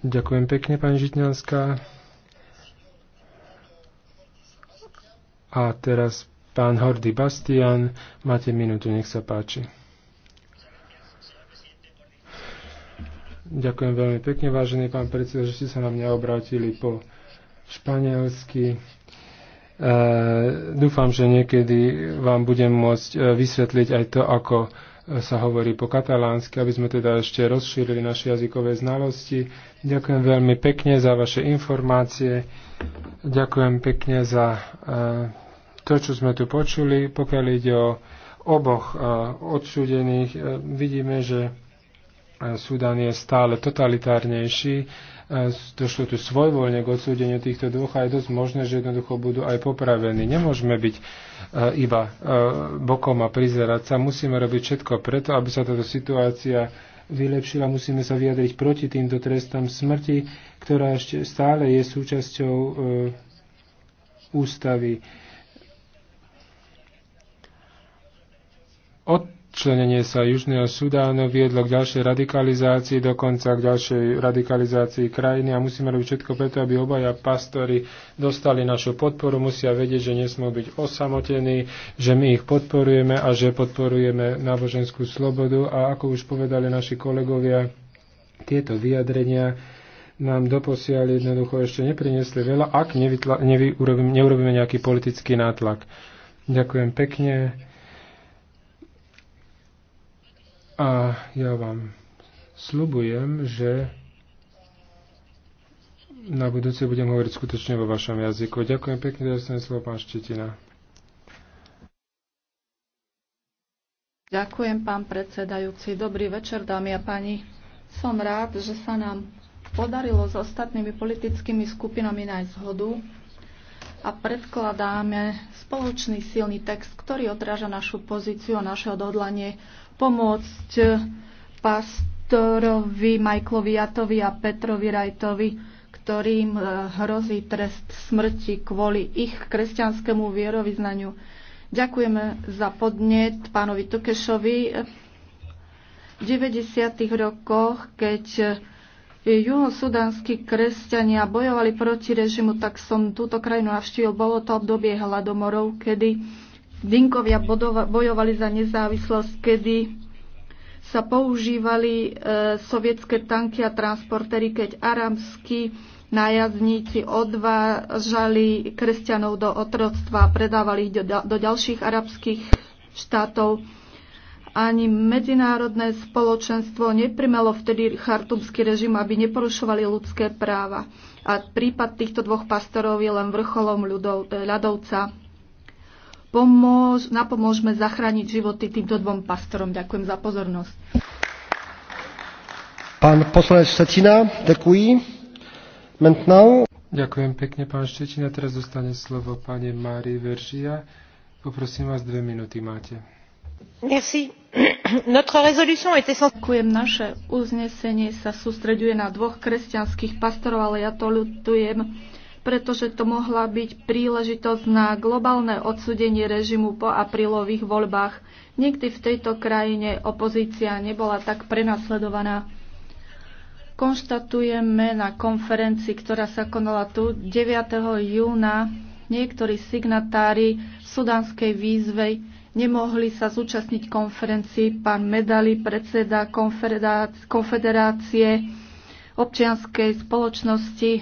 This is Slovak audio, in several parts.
Ďakujem pekne, pani Žitňanská. A teraz pán Hordy Bastian, máte minútu, nech sa páči. Ďakujem veľmi pekne, vážený pán predseda, že ste sa na mňa obrátili po španielsky. E, dúfam, že niekedy vám budem môcť e, vysvetliť aj to, ako sa hovorí po katalánsky, aby sme teda ešte rozšírili naše jazykové znalosti. Ďakujem veľmi pekne za vaše informácie. Ďakujem pekne za e, to, čo sme tu počuli. Pokiaľ ide o oboch e, odsúdených, e, vidíme, že Sudan je stále totalitárnejší došlo tu svojvoľne k odsúdeniu týchto dvoch a je dosť možné, že jednoducho budú aj popravení. Nemôžeme byť e, iba e, bokom a prizerať sa. Musíme robiť všetko preto, aby sa táto situácia vylepšila. Musíme sa vyjadriť proti týmto trestom smrti, ktorá ešte stále je súčasťou e, ústavy. Od Členenie sa Južného Sudánu viedlo k ďalšej radikalizácii, dokonca k ďalšej radikalizácii krajiny a musíme robiť všetko preto, aby obaja pastori dostali našu podporu. Musia vedieť, že nesmú byť osamotení, že my ich podporujeme a že podporujeme náboženskú slobodu. A ako už povedali naši kolegovia, tieto vyjadrenia nám doposiaľ jednoducho ešte neprinesli veľa, ak nevytla, nevy, neurobíme nejaký politický nátlak. Ďakujem pekne. A ja vám slubujem, že na budúce budem hovoriť skutočne vo vašom jazyku. Ďakujem pekne, dostane slovo pán Štetina. Ďakujem, pán predsedajúci. Dobrý večer, dámy a páni. Som rád, že sa nám podarilo s ostatnými politickými skupinami nájsť zhodu a predkladáme spoločný silný text, ktorý odráža našu pozíciu a naše odhodlanie pomôcť eh, pastorovi Majklovi Jatovi a Petrovi Rajtovi, ktorým eh, hrozí trest smrti kvôli ich kresťanskému vierovýznaniu. Ďakujeme za podnet pánovi Tokešovi. V 90. rokoch, keď eh, juhosudanskí kresťania bojovali proti režimu, tak som túto krajinu navštívil. Bolo to obdobie hladomorov, kedy Dinkovia bojovali za nezávislosť, kedy sa používali e, sovietské tanky a transportery, keď arabskí nájazdníci odvážali kresťanov do otroctva a predávali ich do, do ďalších arabských štátov ani medzinárodné spoločenstvo neprimelo vtedy chartumský režim, aby neporušovali ľudské práva. A prípad týchto dvoch pastorov je len vrcholom ľudov, e, ľadovca. Pomôž, napomôžme zachrániť životy týmto dvom pastorom. Ďakujem za pozornosť. Pán poslanec Štetina, ďakujem. Ďakujem pekne, pán Štetina. Teraz dostane slovo pani Mári Veržia. Poprosím vás, dve minúty máte. ďakujem Naše uznesenie sa sústreďuje na dvoch kresťanských pastorov, ale ja to ľutujem, pretože to mohla byť príležitosť na globálne odsudenie režimu po aprílových voľbách. Nikdy v tejto krajine opozícia nebola tak prenasledovaná konštatujeme na konferencii, ktorá sa konala tu 9. júna, niektorí signatári sudanskej výzvej Nemohli sa zúčastniť konferencii pán Medali, predseda Konfederácie občianskej spoločnosti,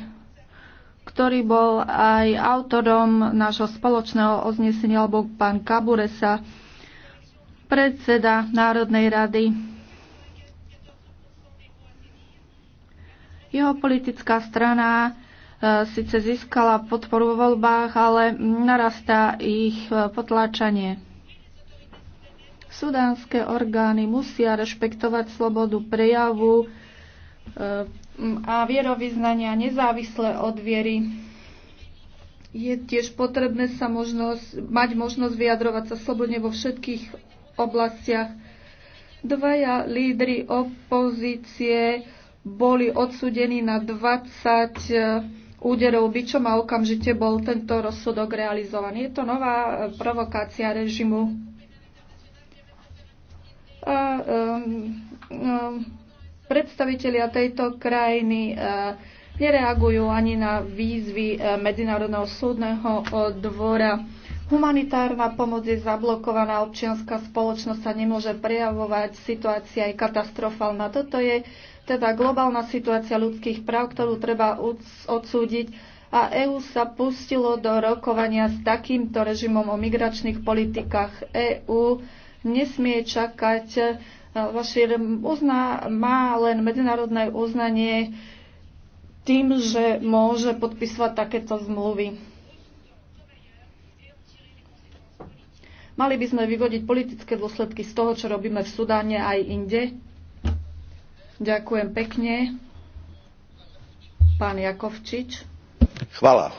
ktorý bol aj autorom nášho spoločného oznesenia, alebo pán Kaburesa, predseda Národnej rady. Jeho politická strana e, síce získala podporu vo voľbách, ale narastá ich e, potláčanie. Sudánske orgány musia rešpektovať slobodu prejavu e, a vierovýznania nezávisle od viery. Je tiež potrebné sa možnosť, mať možnosť vyjadrovať sa slobodne vo všetkých oblastiach. Dvaja lídry opozície boli odsudení na 20 e, úderov byčom a okamžite bol tento rozsudok realizovaný. Je to nová e, provokácia režimu a, um, um, predstavitelia tejto krajiny uh, nereagujú ani na výzvy uh, Medzinárodného súdneho uh, dvora. Humanitárna pomoc je zablokovaná, občianská spoločnosť sa nemôže prejavovať, situácia je katastrofálna. Toto je teda globálna situácia ľudských práv, ktorú treba odsúdiť a EÚ sa pustilo do rokovania s takýmto režimom o migračných politikách EÚ nesmie čakať. Eh, vaše uzna, má len medzinárodné uznanie tým, že môže podpisovať takéto zmluvy. Mali by sme vyvodiť politické dôsledky z toho, čo robíme v Sudáne aj inde. Ďakujem pekne. Pán Jakovčič. Chvala.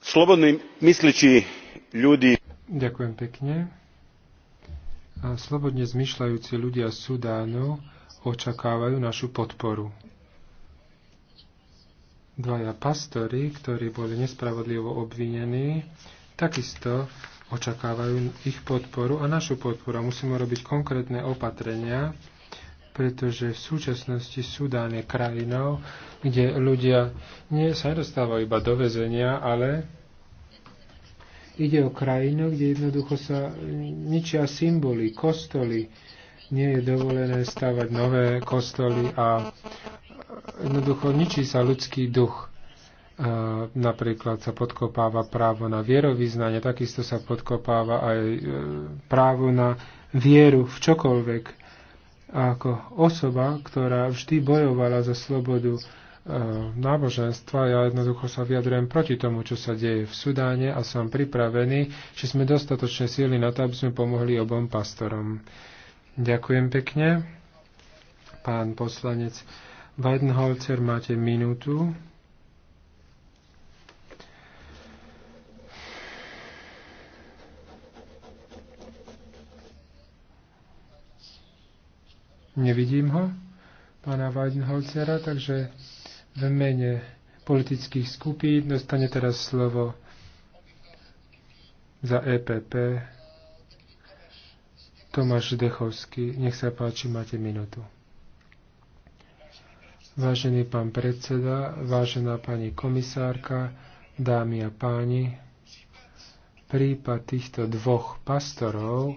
Slobodní mysliči ľudí Ďakujem pekne. A slobodne zmyšľajúci ľudia z Sudánu očakávajú našu podporu. Dvaja pastory, ktorí boli nespravodlivo obvinení, takisto očakávajú ich podporu a našu podporu. Musíme robiť konkrétne opatrenia, pretože v súčasnosti Sudán je krajinou, kde ľudia nie sa nedostávajú iba do väzenia, ale Ide o krajinu, kde jednoducho sa ničia symboly, kostoly. Nie je dovolené stavať nové kostoly a jednoducho ničí sa ľudský duch. E, napríklad sa podkopáva právo na vierovýznanie, takisto sa podkopáva aj e, právo na vieru v čokoľvek. A ako osoba, ktorá vždy bojovala za slobodu náboženstva. Ja jednoducho sa vyjadrujem proti tomu, čo sa deje v Sudáne a som pripravený, že sme dostatočne síli na to, aby sme pomohli obom pastorom. Ďakujem pekne. Pán poslanec Weidenholzer, máte minútu. Nevidím ho, pána Weidenholzera, takže v mene politických skupín. Dostane teraz slovo za EPP Tomáš Dechovský. Nech sa páči, máte minútu. Vážený pán predseda, vážená pani komisárka, dámy a páni, prípad týchto dvoch pastorov,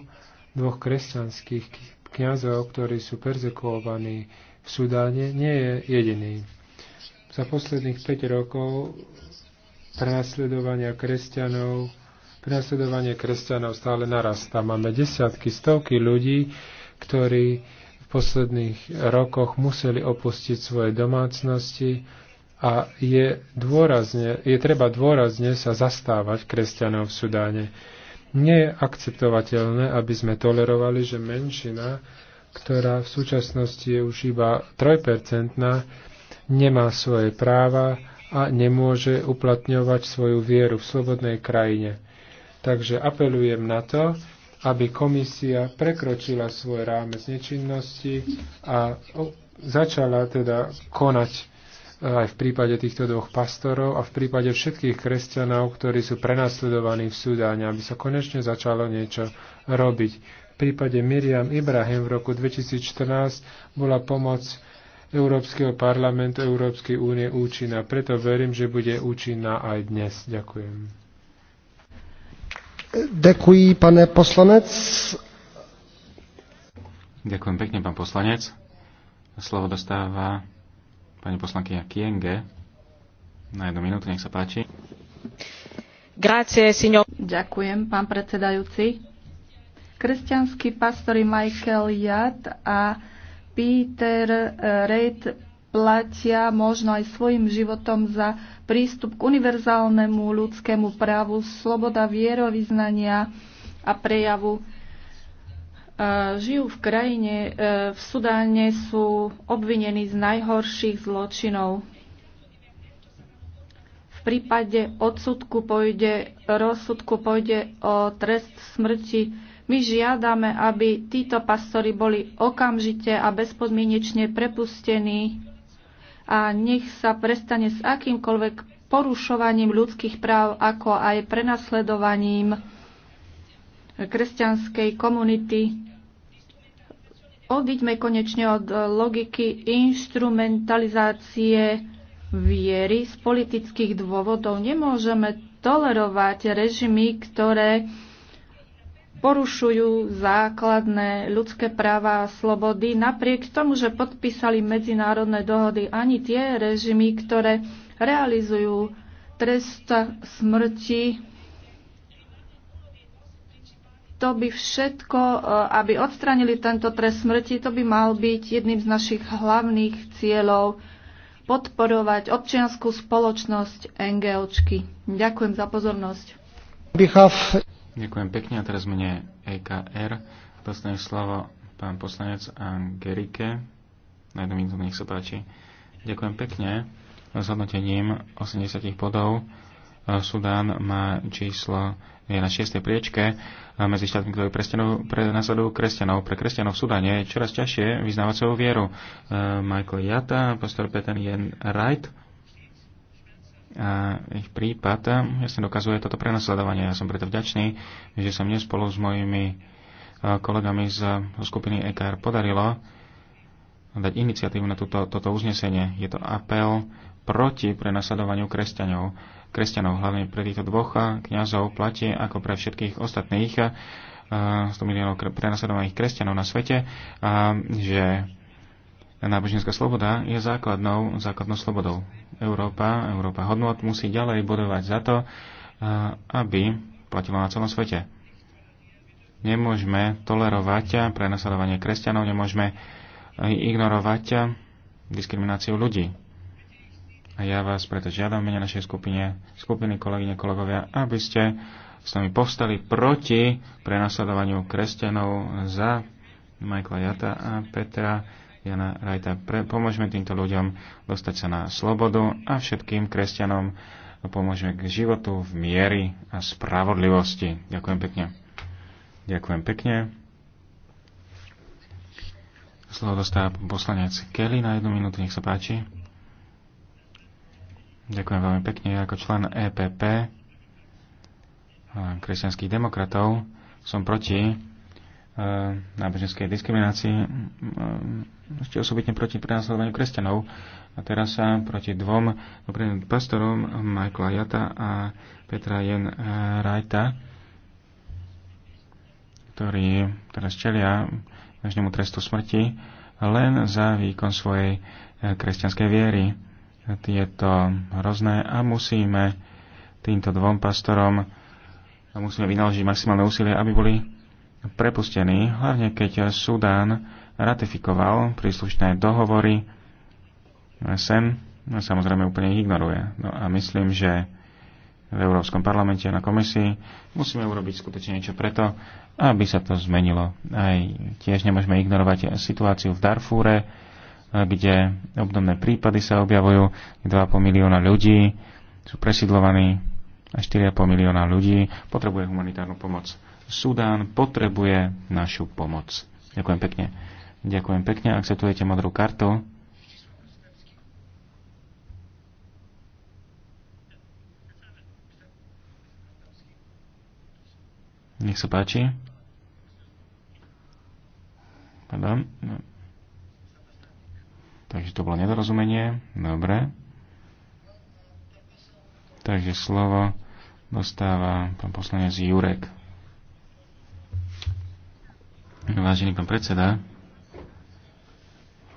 dvoch kresťanských kňazov, ktorí sú perzekuovaní v Sudáne, nie je jediný. Za posledných 5 rokov prenasledovania kresťanov, prenasledovanie kresťanov stále narastá. Máme desiatky, stovky ľudí, ktorí v posledných rokoch museli opustiť svoje domácnosti a je, dôrazne, je treba dôrazne sa zastávať kresťanov v Sudáne. Nie je akceptovateľné, aby sme tolerovali, že menšina, ktorá v súčasnosti je už iba trojpercentná, nemá svoje práva a nemôže uplatňovať svoju vieru v slobodnej krajine. Takže apelujem na to, aby komisia prekročila svoj rámec nečinnosti a začala teda konať e, aj v prípade týchto dvoch pastorov a v prípade všetkých kresťanov, ktorí sú prenasledovaní v Sudáne, aby sa konečne začalo niečo robiť. V prípade Miriam Ibrahim v roku 2014 bola pomoc Európskeho parlamentu Európskej únie účinná. Preto verím, že bude účinná aj dnes. Ďakujem. Ďakujem, pane poslanec. Ďakujem pekne, pán poslanec. Slovo dostáva pani poslankyňa Kienge. Na jednu minútu, nech sa páči. Grazie, signor. Ďakujem, pán predsedajúci. Kresťanský pastor Michael Jad a Peter eh, Reid platia možno aj svojim životom za prístup k univerzálnemu ľudskému právu, sloboda vierovýznania a prejavu eh, žijú v krajine, eh, v Sudáne sú obvinení z najhorších zločinov. V prípade odsudku pôjde, rozsudku pôjde o trest smrti my žiadame, aby títo pastori boli okamžite a bezpodmienečne prepustení a nech sa prestane s akýmkoľvek porušovaním ľudských práv, ako aj prenasledovaním kresťanskej komunity. Odiďme konečne od logiky instrumentalizácie viery z politických dôvodov. Nemôžeme tolerovať režimy, ktoré porušujú základné ľudské práva a slobody napriek tomu, že podpísali medzinárodné dohody ani tie režimy, ktoré realizujú trest smrti. To by všetko, eh, aby odstranili tento trest smrti, to by mal byť jedným z našich hlavných cieľov podporovať občianskú spoločnosť NGOčky. Ďakujem za pozornosť. Ďakujem pekne a teraz mene EKR. Dostane slovo pán poslanec Angerike. Na jednu minútu nech sa páči. Ďakujem pekne. S hodnotením 80 bodov e, Sudán má číslo je na 6. priečke e, medzi štátmi, ktorí následujú kresťanov. Pre kresťanov v Sudáne je čoraz ťažšie vyznávať svoju vieru. E, Michael Jata, pastor Peter Jen Wright, a ich prípad jasne dokazuje toto prenasledovanie. Ja som preto vďačný, že sa mne spolu s mojimi e, kolegami z skupiny EKR podarilo dať iniciatívu na túto, toto uznesenie. Je to apel proti prenasledovaniu kresťanov. Kresťanov, hlavne pre týchto dvoch e, kňazov, platí ako pre všetkých ostatných 100 e, miliónov prenasledovaných kresťanov na svete, že náboženská sloboda je základnou, základnou slobodou. Európa, Európa hodnot musí ďalej bodovať za to, aby platilo na celom svete. Nemôžeme tolerovať prenasledovanie kresťanov, nemôžeme ignorovať diskrimináciu ľudí. A ja vás preto žiadam mene našej skupine, skupiny kolegyne, kolegovia, aby ste s nami povstali proti prenasledovaniu kresťanov za Michaela Jata a Petra Jana Rajta. Pre, pomôžeme týmto ľuďom dostať sa na slobodu a všetkým kresťanom pomôžeme k životu v miery a spravodlivosti. Ďakujem pekne. Ďakujem pekne. Slovo dostáva poslanec Kelly na jednu minútu, nech sa páči. Ďakujem veľmi pekne. Ja ako člen EPP eh, kresťanských demokratov som proti eh, náboženskej diskriminácii eh, ešte osobitne proti prenasledovaniu kresťanov a teraz sa proti dvom dobrým pastorom Michaela Jata a Petra Jen eh, Rajta, ktorí teraz čelia vážnemu trestu smrti len za výkon svojej eh, kresťanskej viery. Je to hrozné a musíme týmto dvom pastorom musíme vynaložiť maximálne úsilie, aby boli prepustení, hlavne keď Sudán ratifikoval príslušné dohovory SN, no, samozrejme úplne ich ignoruje. No a myslím, že v Európskom parlamente a na komisii musíme urobiť skutočne niečo preto, aby sa to zmenilo. Aj tiež nemôžeme ignorovať situáciu v Darfúre, kde obdobné prípady sa objavujú, 2,5 milióna ľudí sú presidlovaní a 4,5 milióna ľudí potrebuje humanitárnu pomoc. Sudán potrebuje našu pomoc. Ďakujem pekne. Ďakujem pekne, akceptujete modrú kartu. Nech sa páči. Pardon. No. Takže to bolo nedorozumenie. Dobre. Takže slovo dostáva pán poslanec Jurek. Vážený pán predseda,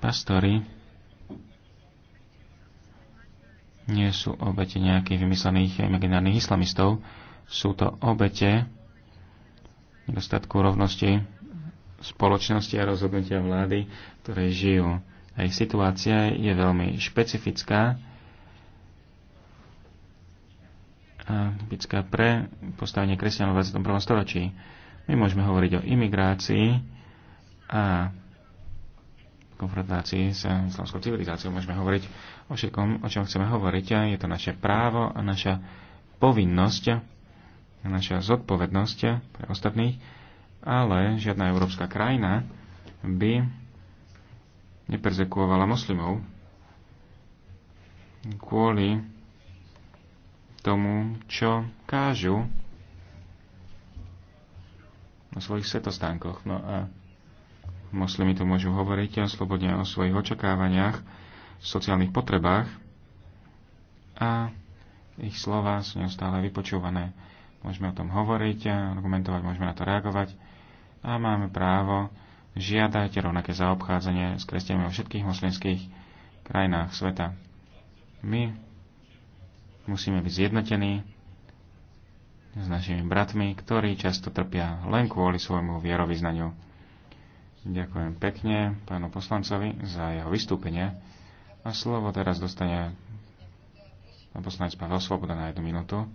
pastori nie sú obete nejakých vymyslených imaginárnych islamistov, sú to obete nedostatku rovnosti spoločnosti a rozhodnutia vlády, ktoré žijú. A ich situácia je veľmi špecifická a typická pre postavenie kresťanov v 21. storočí. My môžeme hovoriť o imigrácii a konfrontácii s islamskou civilizáciou. Môžeme hovoriť o všetkom, o čom chceme hovoriť. A je to naše právo a naša povinnosť, a naša zodpovednosť pre ostatných, ale žiadna európska krajina by neperzekuovala moslimov kvôli tomu, čo kážu na svojich svetostánkoch. No a Moslimi tu môžu hovoriť slobodne o svojich očakávaniach, sociálnych potrebách a ich slova sú neustále vypočúvané. Môžeme o tom hovoriť, argumentovať, môžeme na to reagovať a máme právo žiadať rovnaké zaobchádzanie s kresťanmi vo všetkých moslimských krajinách sveta. My musíme byť zjednotení s našimi bratmi, ktorí často trpia len kvôli svojmu vierovýznaniu. Ďakujem pekne pánu poslancovi za jeho vystúpenie. A slovo teraz dostane pán poslanec Pavel Svoboda na jednu minútu.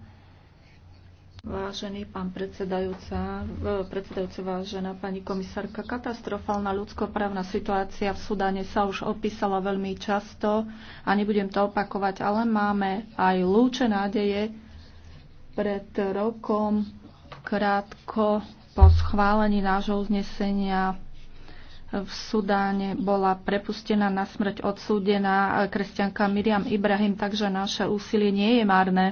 Vážený pán predsedajúca, predsedajúca, vážená pani komisárka, katastrofálna ľudskoprávna situácia v Sudáne sa už opísala veľmi často a nebudem to opakovať, ale máme aj lúče nádeje. Pred rokom krátko po schválení nášho uznesenia v Sudáne bola prepustená na smrť odsúdená kresťanka Miriam Ibrahim, takže naše úsilie nie je márne.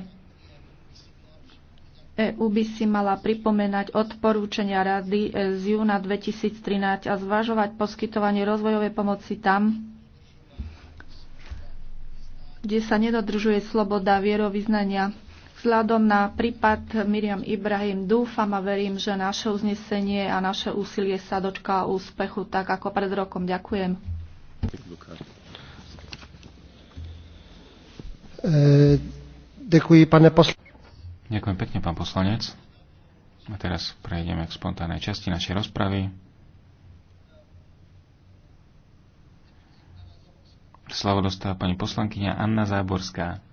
EU by si mala pripomenať odporúčania Rady e z júna 2013 a zvažovať poskytovanie rozvojovej pomoci tam, kde sa nedodržuje sloboda vierovýznania. Vzhľadom na prípad Miriam Ibrahim dúfam a verím, že naše uznesenie a naše úsilie sa dočká úspechu tak ako pred rokom. Ďakujem. Eh, ďakujem, pane poslanec. Ďakujem pekne, pán poslanec. A teraz prejdeme k spontánnej časti našej rozpravy. Slovo dostáva pani poslankyňa Anna Záborská.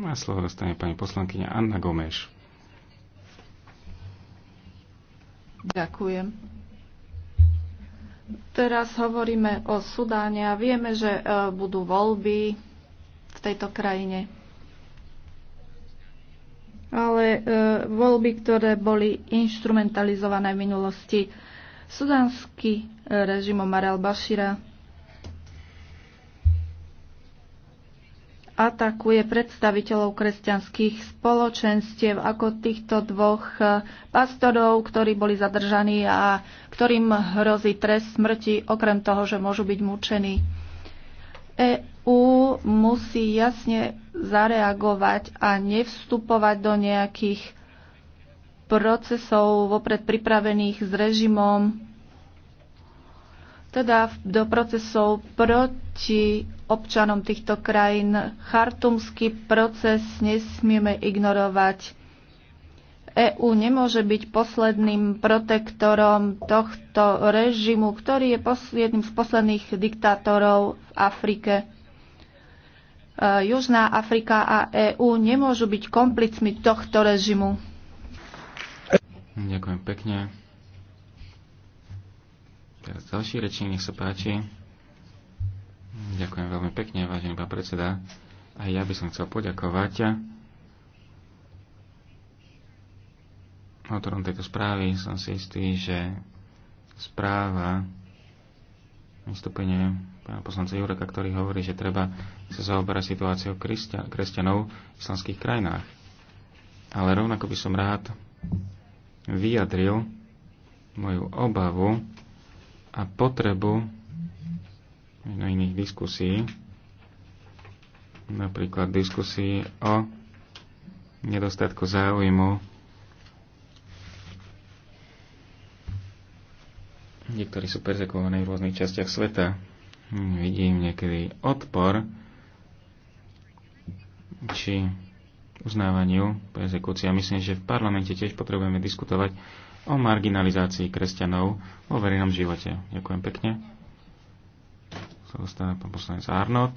No a slovo dostane pani poslankyňa Anna Gomeš. Ďakujem. Teraz hovoríme o Sudáne a vieme, že e, budú voľby v tejto krajine. Ale e, voľby, ktoré boli instrumentalizované v minulosti, sudánsky e, režim Omar al-Bashira atakuje predstaviteľov kresťanských spoločenstiev ako týchto dvoch eh, pastorov, ktorí boli zadržaní a ktorým hrozí trest smrti, okrem toho, že môžu byť mučení. EÚ musí jasne zareagovať a nevstupovať do nejakých procesov vopred pripravených s režimom, teda do procesov proti občanom týchto krajín. Chartumský proces nesmieme ignorovať. EÚ nemôže byť posledným protektorom tohto režimu, ktorý je jedným z posledných diktátorov v Afrike. E, Južná Afrika a EÚ nemôžu byť komplicmi tohto režimu. Ďakujem pekne. Teraz ďalší rečník, nech sa páči. Ďakujem veľmi pekne, vážený pán predseda. A ja by som chcel poďakovať autorom tejto správy. Som si istý, že správa vystúpenie pána poslanca Jureka, ktorý hovorí, že treba sa zaoberať situáciou kresťanov v islamských krajinách. Ale rovnako by som rád vyjadril moju obavu a potrebu na iných diskusí, napríklad diskusí o nedostatku záujmu niektorí sú persekovaní v rôznych častiach sveta. Hm, vidím niekedy odpor či uznávaniu A Myslím, že v parlamente tiež potrebujeme diskutovať o marginalizácii kresťanov vo verejnom živote. Ďakujem pekne sa dostane pán poslanec Arnott.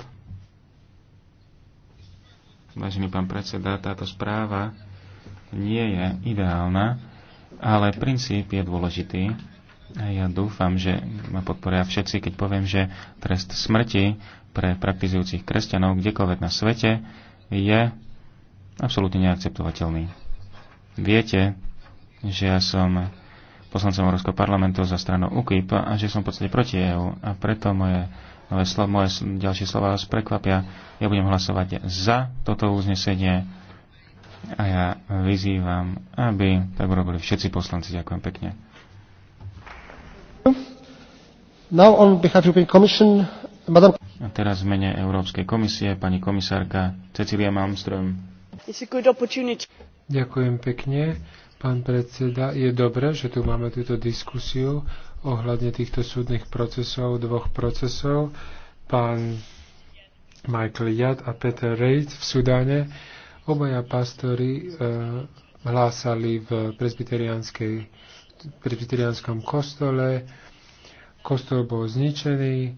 Vážený pán predseda, táto správa nie je ideálna, ale princíp je dôležitý. A ja dúfam, že ma podporia všetci, keď poviem, že trest smrti pre praktizujúcich kresťanov kdekoľvek na svete je absolútne neakceptovateľný. Viete, že ja som poslancom Európskeho parlamentu za stranu UKIP a že som v podstate proti EU a preto moje Nové slov, moje ďalšie slova vás prekvapia. Ja budem hlasovať za toto uznesenie a ja vyzývam, aby tak urobili všetci poslanci. Ďakujem pekne. Now on behalf Commission, Madam... A teraz v mene Európskej komisie pani komisárka Cecilia Malmström. Ďakujem pekne. Pán predseda, je dobré, že tu máme túto diskusiu ohľadne týchto súdnych procesov, dvoch procesov, pán Michael Yad a Peter Reid v Sudáne. Obaja pastori e, hlásali v presbyteriánskom kostole, kostol bol zničený, e,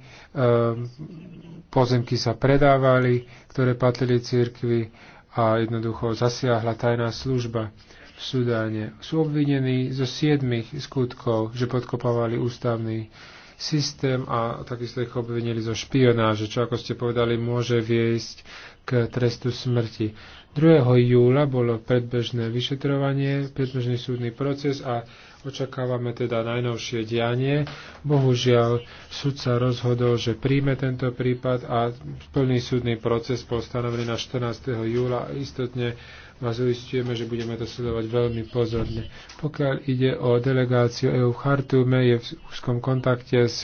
pozemky sa predávali, ktoré patrili cirkvi a jednoducho zasiahla tajná služba v Sudáne. Sú obvinení zo siedmých skutkov, že podkopávali ústavný systém a takisto ich obvinili zo špionáže, čo ako ste povedali môže viesť k trestu smrti. 2. júla bolo predbežné vyšetrovanie, predbežný súdny proces a očakávame teda najnovšie dianie. Bohužiaľ, súd sa rozhodol, že príjme tento prípad a plný súdny proces bol stanovený na 14. júla a istotne vás uistujeme, že budeme to sledovať veľmi pozorne. Pokiaľ ide o delegáciu EU v Chartume, je v úzkom kontakte s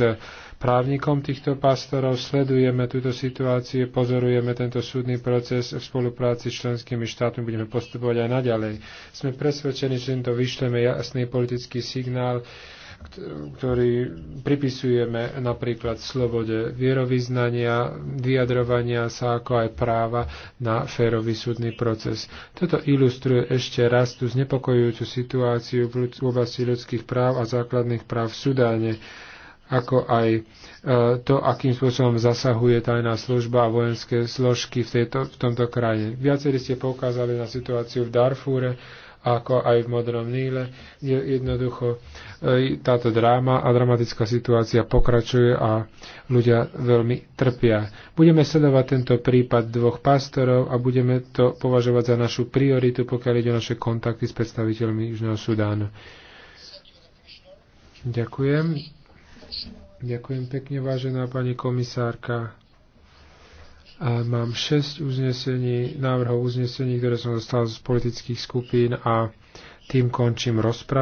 právnikom týchto pastorov, sledujeme túto situáciu, pozorujeme tento súdny proces v spolupráci s členskými štátmi, budeme postupovať aj naďalej. Sme presvedčení, že to vyšleme jasný politický signál, ktorý pripisujeme napríklad slobode vierovýznania, vyjadrovania sa ako aj práva na férový súdny proces. Toto ilustruje ešte raz tú znepokojujúcu situáciu v oblasti ľudských práv a základných práv v Sudáne ako aj e, to, akým spôsobom zasahuje tajná služba a vojenské složky v, tejto, v tomto krajine. Viacerí ste poukázali na situáciu v Darfúre ako aj v Modrom Níle. Jednoducho e, táto dráma a dramatická situácia pokračuje a ľudia veľmi trpia. Budeme sledovať tento prípad dvoch pastorov a budeme to považovať za našu prioritu, pokiaľ ide o naše kontakty s predstaviteľmi Južného Sudánu. Ďakujem. Ďakujem pekne, vážená pani komisárka. A mám šesť uznesení, návrhov uznesení, ktoré som dostal z politických skupín a tým končím rozpravu.